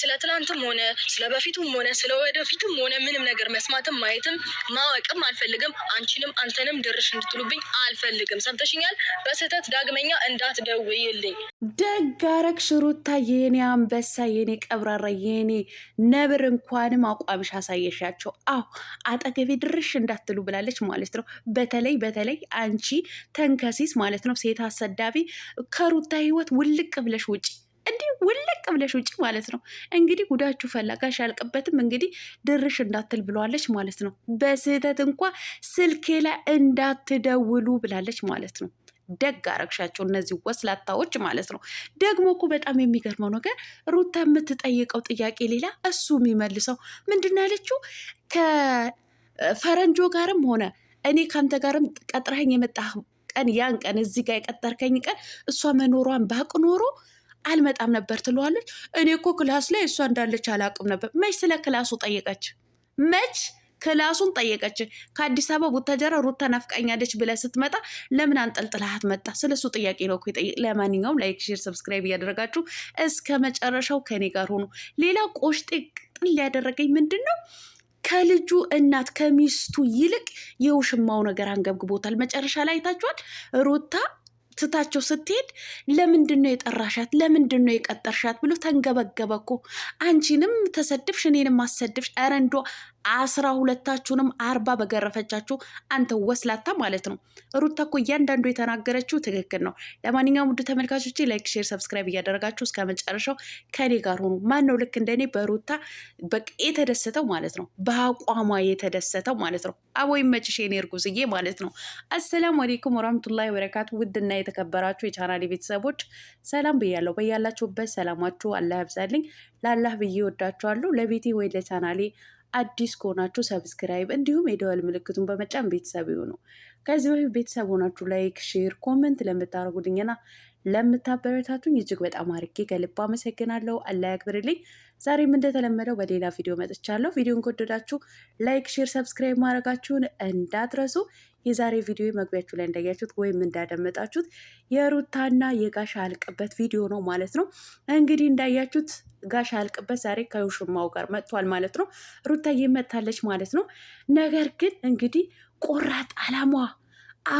ስለ ትናንትም ሆነ ስለ በፊቱም ሆነ ስለ ወደፊቱም ሆነ ምንም ነገር መስማትም ማየትም ማወቅም አልፈልግም። አንቺንም አንተንም ድርሽ እንድትሉብኝ አልፈልግም። ሰምተሽኛል? በስህተት ዳግመኛ እንዳትደውይልኝ። ደግ ሽሩታ፣ የኔ አንበሳ፣ የኔ ቀብራራ፣ የኔ ነብር። እንኳንም አቋምሽ አሳየሻቸው። አዎ አጠገቤ ድርሽ እንዳትሉ ብላለች ማለት ነው። በተለይ በተለይ አንቺ ተንከሲስ ማለት ነው፣ ሴት አሰዳቢ፣ ከሩታ ህይወት ውልቅ ብለሽ ውጪ እንዲህ ውልቅ ብለሽ ውጭ ማለት ነው። እንግዲህ ጉዳችሁ ፈላጋሽ ያልቅበትም እንግዲህ ድርሽ እንዳትል ብለዋለች ማለት ነው። በስህተት እንኳ ስልኬ ላይ እንዳትደውሉ ብላለች ማለት ነው። ደግ አረግሻቸው እነዚህ ወስላታዎች ማለት ነው። ደግሞ እኮ በጣም የሚገርመው ነገር ሩታ የምትጠይቀው ጥያቄ ሌላ፣ እሱ የሚመልሰው ምንድን ያለችው ከፈረንጆ ጋርም ሆነ እኔ ከአንተ ጋርም ቀጥረኸኝ የመጣህ ቀን ያን ቀን እዚህ ጋር የቀጠርከኝ ቀን እሷ መኖሯን ባቅ ኖሮ አልመጣም ነበር ትለዋለች። እኔ እኮ ክላስ ላይ እሷ እንዳለች አላውቅም ነበር። መች ስለ ክላሱ ጠየቀች? መች ክላሱን ጠየቀች? ከአዲስ አበባ ቡታጀራ ሩታ ናፍቃኛለች ብለህ ስትመጣ ለምን አንጠልጥላሃት መጣ? ስለ እሱ ጥያቄ ነው እኮ የጠየቅ። ለማንኛውም ላይክ፣ ሼር፣ ሰብስክራይብ እያደረጋችሁ እስከ መጨረሻው ከኔ ጋር ሆኑ። ሌላ ቆሽጤ ቅጥል ሊያደረገኝ ምንድን ነው ከልጁ እናት ከሚስቱ ይልቅ የውሽማው ነገር አንገብግቦታል። መጨረሻ ላይ አይታችኋል ሩታ ትታቸው ስትሄድ ለምንድን ነው የጠራሻት? ለምንድን ነው የቀጠርሻት? ብሎ ተንገበገበ እኮ። አንቺንም ተሰድብሽ እኔንም አሰድብሽ። ኧረ አስራ ሁለታችሁንም አርባ በገረፈቻችሁ አንተ ወስላታ ማለት ነው። ሩታ እኮ እያንዳንዱ የተናገረችው ትክክል ነው። ለማንኛውም ውድ ተመልካቾች ላይክ፣ ሼር፣ ሰብስክራይብ እያደረጋችሁ እስከ መጨረሻው ከኔ ጋር ሆኑ። ማን ነው ልክ እንደኔ በሩታ በቃ የተደሰተው ማለት ነው፣ በአቋሟ የተደሰተው ማለት ነው። አቦ ይመችሽ የኔ እርጉዝዬ ማለት ነው። አሰላሙ አሌይኩም ወራህመቱላሂ ወበረካቱ። ውድና የተከበራችሁ የቻናሌ ቤተሰቦች ሰላም ብያለሁ። በያላችሁበት ሰላማችሁ አላህ ያብዛልኝ። ለአላህ ብዬ ወዳችኋለሁ። ለቤቴ ወይ ለቻናሌ አዲስ ከሆናችሁ ሰብስክራይብ እንዲሁም የደወል ምልክቱን በመጫን ቤተሰብ ይሁኑ። ከዚህ በፊት ቤተሰብ ሆናችሁ ላይክ፣ ሼር፣ ኮመንት ለምታደርጉልኝና ለምታበረታቱኝ እጅግ በጣም አርጌ ከልብ አመሰግናለሁ። አላህ ያክብርልኝ። ዛሬም እንደተለመደው በሌላ ቪዲዮ መጥቻለሁ። ቪዲዮን ከወደዳችሁ ላይክ፣ ሼር፣ ሰብስክራይብ ማድረጋችሁን እንዳትረሱ። የዛሬ ቪዲዮ መግቢያችሁ ላይ እንዳያችሁት ወይም እንዳደመጣችሁት የሩታና የጋሽ አልቅበት ቪዲዮ ነው ማለት ነው። እንግዲህ እንዳያችሁት ጋሽ አልቅበት ዛሬ ከውሽማው ጋር መጥቷል ማለት ነው። ሩታ መታለች ማለት ነው። ነገር ግን እንግዲህ ቆራጥ አላሟ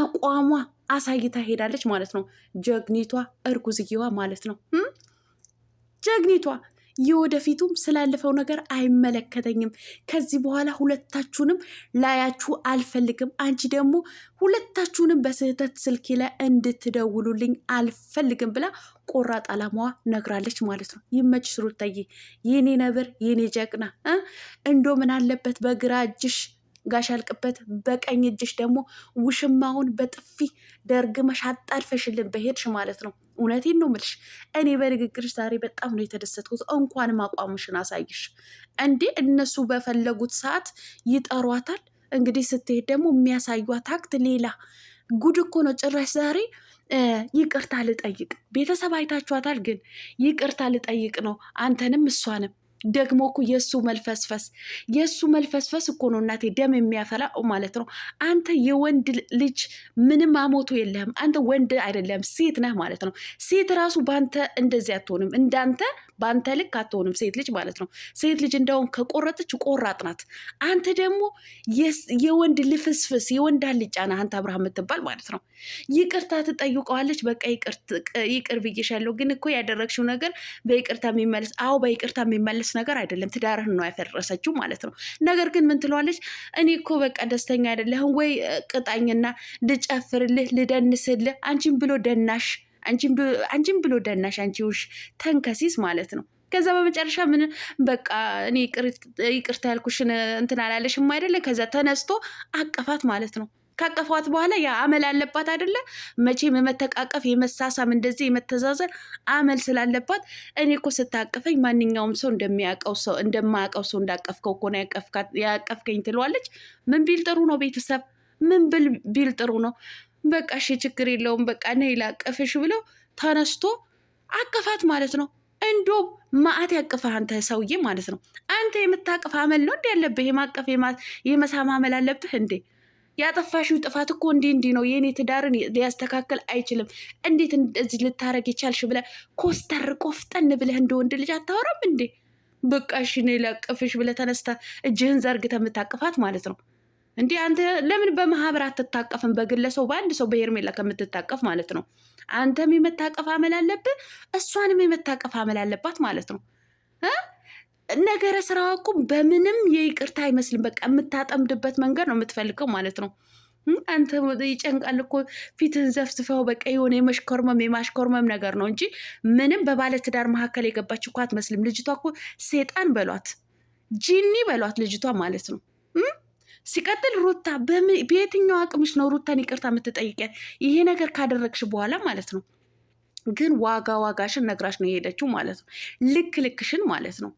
አቋሟ አሳይታ ሄዳለች ማለት ነው። ጀግኒቷ እርጉዝየዋ ማለት ነው። ጀግኒቷ የወደፊቱም ስላለፈው ነገር አይመለከተኝም። ከዚህ በኋላ ሁለታችሁንም ላያችሁ አልፈልግም። አንቺ ደግሞ ሁለታችሁንም በስህተት ስልኬ ላይ እንድትደውሉልኝ አልፈልግም ብላ ቆራጥ አላማዋ ነግራለች ማለት ነው። ይመችሽ ሩታዬ፣ የኔ ነብር፣ የኔ ጀግና። እንዶ ምን አለበት በግራ እጅሽ ጋሽ አልቅበት በቀኝ እጅሽ ደግሞ ውሽማውን በጥፊ ደርግመሽ አጣልፈሽልን በሄድሽ ማለት ነው። እውነቴን ነው ምልሽ። እኔ በንግግርሽ ዛሬ በጣም ነው የተደሰትኩት። እንኳንም አቋሙሽን አሳይሽ እንዴ! እነሱ በፈለጉት ሰዓት ይጠሯታል። እንግዲህ ስትሄድ ደግሞ የሚያሳዩት አክት ሌላ ጉድ እኮ ነው። ጭራሽ ዛሬ ይቅርታ ልጠይቅ ቤተሰብ አይታችኋታል፣ ግን ይቅርታ ልጠይቅ ነው አንተንም እሷንም ደግሞ እኮ የእሱ መልፈስፈስ የእሱ መልፈስፈስ እኮ ነው እናቴ ደም የሚያፈላው ማለት ነው። አንተ የወንድ ልጅ ምንም አሞቶ የለህም። አንተ ወንድ አይደለም ሴት ነህ ማለት ነው። ሴት ራሱ በአንተ እንደዚህ አትሆንም እንዳንተ በአንተ ልክ አትሆንም ሴት ልጅ ማለት ነው። ሴት ልጅ እንደውም ከቆረጠች ቆራጥ ናት። አንተ ደግሞ የወንድ ልፍስፍስ የወንድ አልጫ ነህ አንተ አብርሃም የምትባል ማለት ነው። ይቅርታ ትጠይቀዋለች። በቃ ይቅር ብዬሻለሁ፣ ግን እኮ ያደረግሽው ነገር በይቅርታ የሚመለስ አዎ፣ በይቅርታ የሚመለስ ነገር አይደለም። ትዳርህን ነው ያፈረሰችው ማለት ነው። ነገር ግን ምን ትለዋለች? እኔ እኮ በቃ ደስተኛ አይደለህም ወይ? ቅጣኝና ልጨፍርልህ፣ ልደንስልህ አንቺን ብሎ ደናሽ አንቺም ብሎ ደናሽ አንቺ ውሽ ተንከሲስ ማለት ነው። ከዛ በመጨረሻ ምን በቃ እኔ ይቅርታ ያልኩሽን እንትን አላለሽም አይደለ? ከዛ ተነስቶ አቀፋት ማለት ነው። ካቀፏት በኋላ ያ አመል አለባት አይደለ? መቼም የመተቃቀፍ የመሳሳም፣ እንደዚህ የመተዛዘን አመል ስላለባት እኔ እኮ ስታቀፈኝ ማንኛውም ሰው እንደሚያቀው ሰው እንደማያቀው ሰው እንዳቀፍከው እኮ ነው ያቀፍከኝ ትለዋለች። ምን ቢል ጥሩ ነው ቤተሰብ? ምን ብል ቢል ጥሩ ነው? በቃ እሺ ችግር የለውም በቃ ነይ ላቀፍሽ ብለው ተነስቶ አቅፋት ማለት ነው። እንዶ ማአት ያቅፈህ አንተ ሰውዬ ማለት ነው። አንተ የምታቅፍ አመል ነው እንዲ ያለብህ የማቀፍ የመሳም አመል አለብህ እንዴ? ያጠፋሽው ጥፋት እኮ እንዲህ እንዲህ ነው፣ የእኔ ትዳርን ሊያስተካከል አይችልም፣ እንዴት እንደዚህ ልታረግ ይቻልሽ ብለ ኮስተር ቆፍጠን ብለህ እንደ ወንድ ልጅ አታወራም እንዴ? በቃ እሺ ነይ ላቅፍሽ ብለህ ተነስታ እጅህን ዘርግተህ የምታቅፋት ማለት ነው። እንዲህ አንተ ለምን በማህበር አትታቀፍም? በግለሰው በአንድ ሰው በሄርሜላ ከምትታቀፍ ማለት ነው። አንተም የመታቀፍ አመል አለብህ፣ እሷንም የመታቀፍ አመል አለባት ማለት ነው። ነገረ ስራዋ እኮ በምንም የይቅርታ አይመስልም። በቃ የምታጠምድበት መንገድ ነው የምትፈልገው ማለት ነው። አንተ ይጨንቃል እኮ ፊትን ዘፍዝፈው በቃ የሆነ የመሽኮርመም የማሽኮርመም ነገር ነው እንጂ ምንም በባለትዳር መካከል የገባች እኮ አትመስልም ልጅቷ። እኮ ሴጣን በሏት ጂኒ በሏት ልጅቷ ማለት ነው። ሲቀጥል ሩታ በየትኛው አቅምሽ ነው ሩታን ይቅርታ የምትጠይቂያት? ይሄ ነገር ካደረግሽ በኋላ ማለት ነው። ግን ዋጋ ዋጋሽን ነግራሽ ነው የሄደችው ማለት ነው። ልክ ልክሽን ማለት ነው።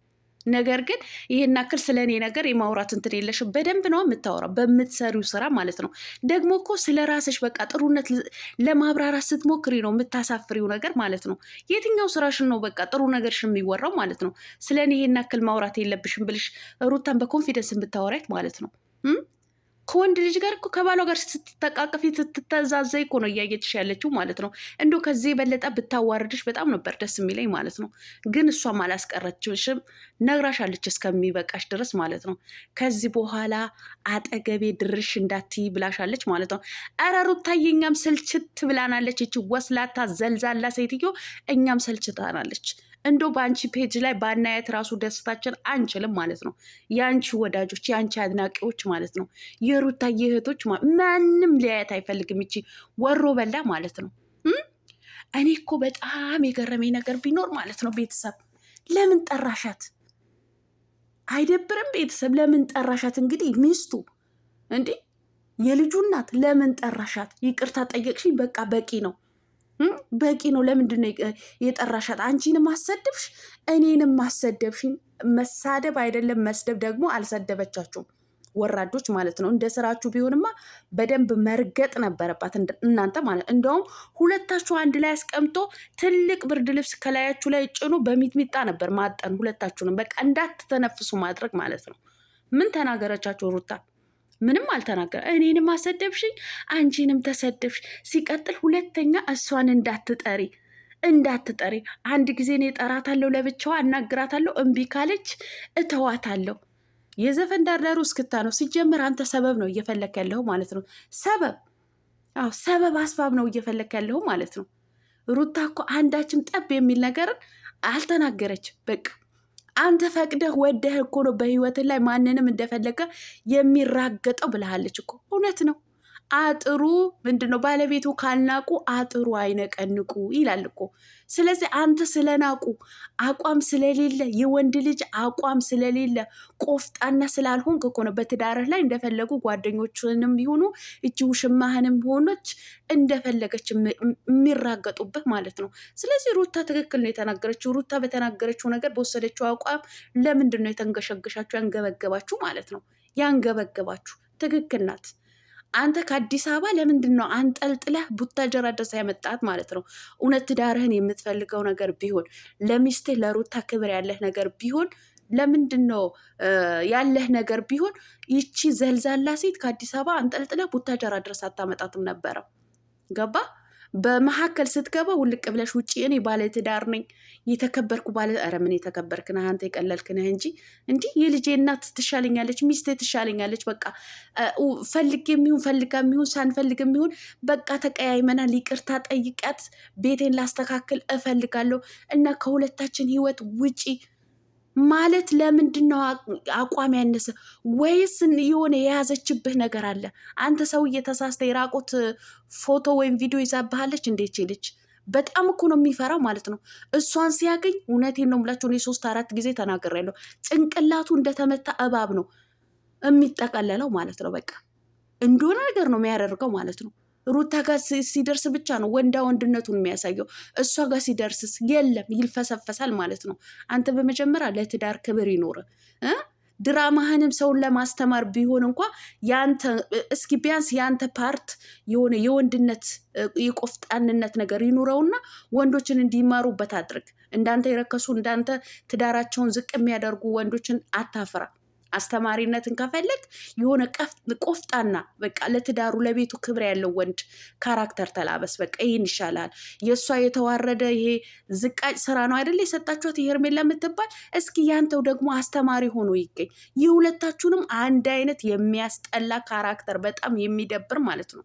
ነገር ግን ይሄን አክል ስለ እኔ ነገር የማውራት እንትን የለሽም። በደንብ ነው የምታወራው በምትሰሪው ስራ ማለት ነው። ደግሞ እኮ ስለ ራስሽ በቃ ጥሩነት ለማብራራት ስትሞክሪ ነው የምታሳፍሪው ነገር ማለት ነው። የትኛው ስራሽን ነው በቃ ጥሩ ነገርሽ የሚወራው ማለት ነው። ስለ እኔ ይሄን አክል ማውራት የለብሽም ብልሽ ሩታን በኮንፊደንስ የምታወራት ማለት ነው። ከወንድ ልጅ ጋር እኮ ከባሏ ጋር ስትተቃቀፊ ስትተዛዘይ እኮ ነው እያየችሽ ያለችው ማለት ነው። እንዲሁ ከዚህ የበለጠ ብታዋርድሽ በጣም ነበር ደስ የሚለኝ ማለት ነው። ግን እሷም አላስቀረችሽም፣ ነግራሻለች እስከሚበቃሽ ድረስ ማለት ነው። ከዚህ በኋላ አጠገቤ ድርሽ እንዳትይ ብላሻለች ማለት ነው። ኧረ ሩታዬ እኛም ስልችት ብላናለች። ይቺ ወስላታ ዘልዛላ ሴትዮ እኛም ሰልችታናለች። እንዶ በአንቺ ፔጅ ላይ ባናያት ራሱ ደስታችን አንችልም ማለት ነው። የአንቺ ወዳጆች፣ የአንቺ አድናቂዎች ማለት ነው፣ የሩታ እህቶች ማንም ሊያየት አይፈልግም። ይቺ ወሮ በላ ማለት ነው። እኔ እኮ በጣም የገረመኝ ነገር ቢኖር ማለት ነው ቤተሰብ ለምን ጠራሻት? አይደብርም? ቤተሰብ ለምን ጠራሻት? እንግዲህ ሚስቱ እንዴ የልጁ እናት ለምን ጠራሻት? ይቅርታ ጠየቅሽኝ፣ በቃ በቂ ነው። በቂ ነው። ለምንድን ነው የጠራሻት? አንቺንም አሰደብሽ፣ እኔንም አሰደብሽኝ። መሳደብ አይደለም መስደብ ደግሞ አልሰደበቻችሁም። ወራዶች ማለት ነው። እንደ ስራችሁ ቢሆንማ በደንብ መርገጥ ነበረባት እናንተ ማለት እንደውም ሁለታችሁ አንድ ላይ አስቀምጦ ትልቅ ብርድ ልብስ ከላያችሁ ላይ ጭኖ በሚጥሚጣ ነበር ማጠን ሁለታችሁንም በቃ እንዳትተነፍሱ ማድረግ ማለት ነው። ምን ተናገረቻችሁ ሩታ? ምንም አልተናገረ። እኔንም አሰደብሽኝ፣ አንቺንም ተሰደብሽ። ሲቀጥል ሁለተኛ እሷን እንዳትጠሪ እንዳትጠሪ። አንድ ጊዜ እኔ እጠራታለሁ፣ ለብቻዋ አናግራታለሁ። እምቢ ካለች እተዋታለሁ። የዘፈን ዳርዳሩ እስክታ ነው። ሲጀምር አንተ ሰበብ ነው እየፈለክ ያለው ማለት ነው። ሰበብ አዎ፣ ሰበብ አስባብ ነው እየፈለክ ያለው ማለት ነው። ሩታ እኮ አንዳችም ጠብ የሚል ነገርን አልተናገረች። በቃ አንተ ፈቅደህ ወደህ እኮ ነው በህይወት ላይ ማንንም እንደፈለገ የሚራገጠው ብለሃለች እኮ እውነት ነው። አጥሩ ምንድን ነው? ባለቤቱ ካልናቁ አጥሩ አይነቀንቁ ይላል እኮ። ስለዚህ አንተ ስለናቁ አቋም ስለሌለ የወንድ ልጅ አቋም ስለሌለ ቆፍጣና ስላልሆንክ እኮ ነው በትዳርህ ላይ እንደፈለጉ ጓደኞችንም ቢሆኑ እጅ ውሽማህንም ሆኖች እንደፈለገች የሚራገጡበት ማለት ነው። ስለዚህ ሩታ ትክክል ነው የተናገረችው። ሩታ በተናገረችው ነገር በወሰደችው አቋም ለምንድን ነው የተንገሸገሻችሁ? ያንገበገባችሁ ማለት ነው። ያንገበገባችሁ ትክክል ናት። አንተ ከአዲስ አበባ ለምንድን ነው አንጠልጥለህ ቡታጀራ ድረስ ያመጣት ማለት ነው? እውነት ትዳርህን የምትፈልገው ነገር ቢሆን ለሚስትህ ለሩታ ክብር ያለህ ነገር ቢሆን ለምንድን ነው ያለህ ነገር ቢሆን ይቺ ዘልዛላ ሴት ከአዲስ አበባ አንጠልጥለህ ቡታጀራ ድረስ አታመጣትም ነበረው። ገባ በመካከል ስትገባ ውልቅ ብለሽ ውጭ እኔ ባለትዳር ነኝ የተከበርኩ ባለ ኧረ ምን የተከበርክ ነህ አንተ የቀለልክ ነህ እንጂ እንዲህ የልጄ እናት ትሻለኛለች፣ ሚስቴ ትሻለኛለች። በቃ ፈልግ የሚሆን ፈልጋ የሚሆን ሳንፈልግ የሚሆን በቃ ተቀያይመናል። ይቅርታ ጠይቂያት፣ ቤቴን ላስተካክል እፈልጋለሁ እና ከሁለታችን ህይወት ውጪ ማለት ለምንድን ነው አቋም ያነሰ? ወይስ የሆነ የያዘችብህ ነገር አለ? አንተ ሰውዬ ተሳስተ የራቆት ፎቶ ወይም ቪዲዮ ይዛብሃለች። እንዴት ልጅ በጣም እኮ ነው የሚፈራው ማለት ነው። እሷን ሲያገኝ እውነቴን ነው የምላቸው እኔ ሶስት አራት ጊዜ ተናግሬያለሁ። ጭንቅላቱ እንደተመታ እባብ ነው የሚጠቀለለው ማለት ነው። በቃ እንደሆነ ነገር ነው የሚያደርገው ማለት ነው። ሩታ ጋር ሲደርስ ብቻ ነው ወንዳ ወንድነቱን የሚያሳየው። እሷ ጋር ሲደርስስ የለም፣ ይልፈሰፈሳል ማለት ነው። አንተ በመጀመሪያ ለትዳር ክብር ይኖር ድራማህንም ሰውን ለማስተማር ቢሆን እንኳ ያንተ እስኪ ቢያንስ ያንተ ፓርት የሆነ የወንድነት የቆፍጣንነት ነገር ይኑረውና ወንዶችን እንዲማሩበት አድርግ። እንዳንተ የረከሱ እንዳንተ ትዳራቸውን ዝቅ የሚያደርጉ ወንዶችን አታፍራ። አስተማሪነትን ከፈለግ የሆነ ቆፍጣና በቃ ለትዳሩ ለቤቱ ክብር ያለው ወንድ ካራክተር ተላበስ። በቃ ይህን ይሻላል። የእሷ የተዋረደ ይሄ ዝቃጭ ስራ ነው አይደለ የሰጣችኋት ሄርሜላ ለምትባል። እስኪ ያንተው ደግሞ አስተማሪ ሆኖ ይገኝ። ይህ ሁለታችሁንም አንድ አይነት የሚያስጠላ ካራክተር፣ በጣም የሚደብር ማለት ነው።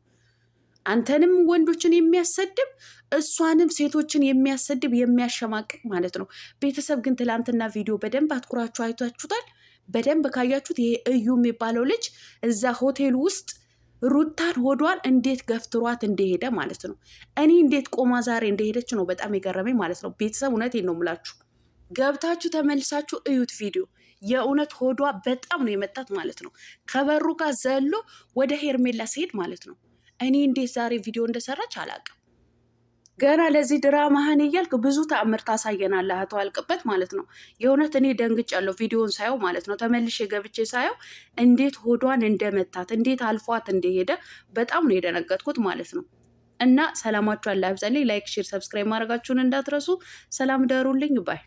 አንተንም ወንዶችን የሚያሰድብ እሷንም ሴቶችን የሚያሰድብ የሚያሸማቅቅ ማለት ነው። ቤተሰብ ግን ትላንትና ቪዲዮ በደንብ አትኩራችሁ አይታችሁታል። በደንብ ካያችሁት ይሄ እዩ የሚባለው ልጅ እዛ ሆቴል ውስጥ ሩታን ሆዷን እንዴት ገፍትሯት እንደሄደ ማለት ነው። እኔ እንዴት ቆማ ዛሬ እንደሄደች ነው በጣም የገረመኝ ማለት ነው። ቤተሰብ እውነቴን ነው የምላችሁ፣ ገብታችሁ ተመልሳችሁ እዩት ቪዲዮ። የእውነት ሆዷ በጣም ነው የመጣት ማለት ነው። ከበሩ ጋር ዘሎ ወደ ሄርሜላ ሲሄድ ማለት ነው። እኔ እንዴት ዛሬ ቪዲዮ እንደሰራች አላውቅም። ገና ለዚህ ድራማህን እያልክ ብዙ ተአምር አቶ አልቅበት ማለት ነው። የእውነት እኔ ደንግጫለሁ ቪዲዮን ሳየው ማለት ነው። ተመልሼ ገብቼ ሳየው እንዴት ሆዷን እንደመታት እንዴት አልፏት እንደሄደ በጣም ነው የደነገጥኩት ማለት ነው። እና ሰላማችሁ አለ ላይክ፣ ሼር፣ ሰብስክራይብ ማድረጋችሁን እንዳትረሱ። ሰላም ደሩልኝ ባይ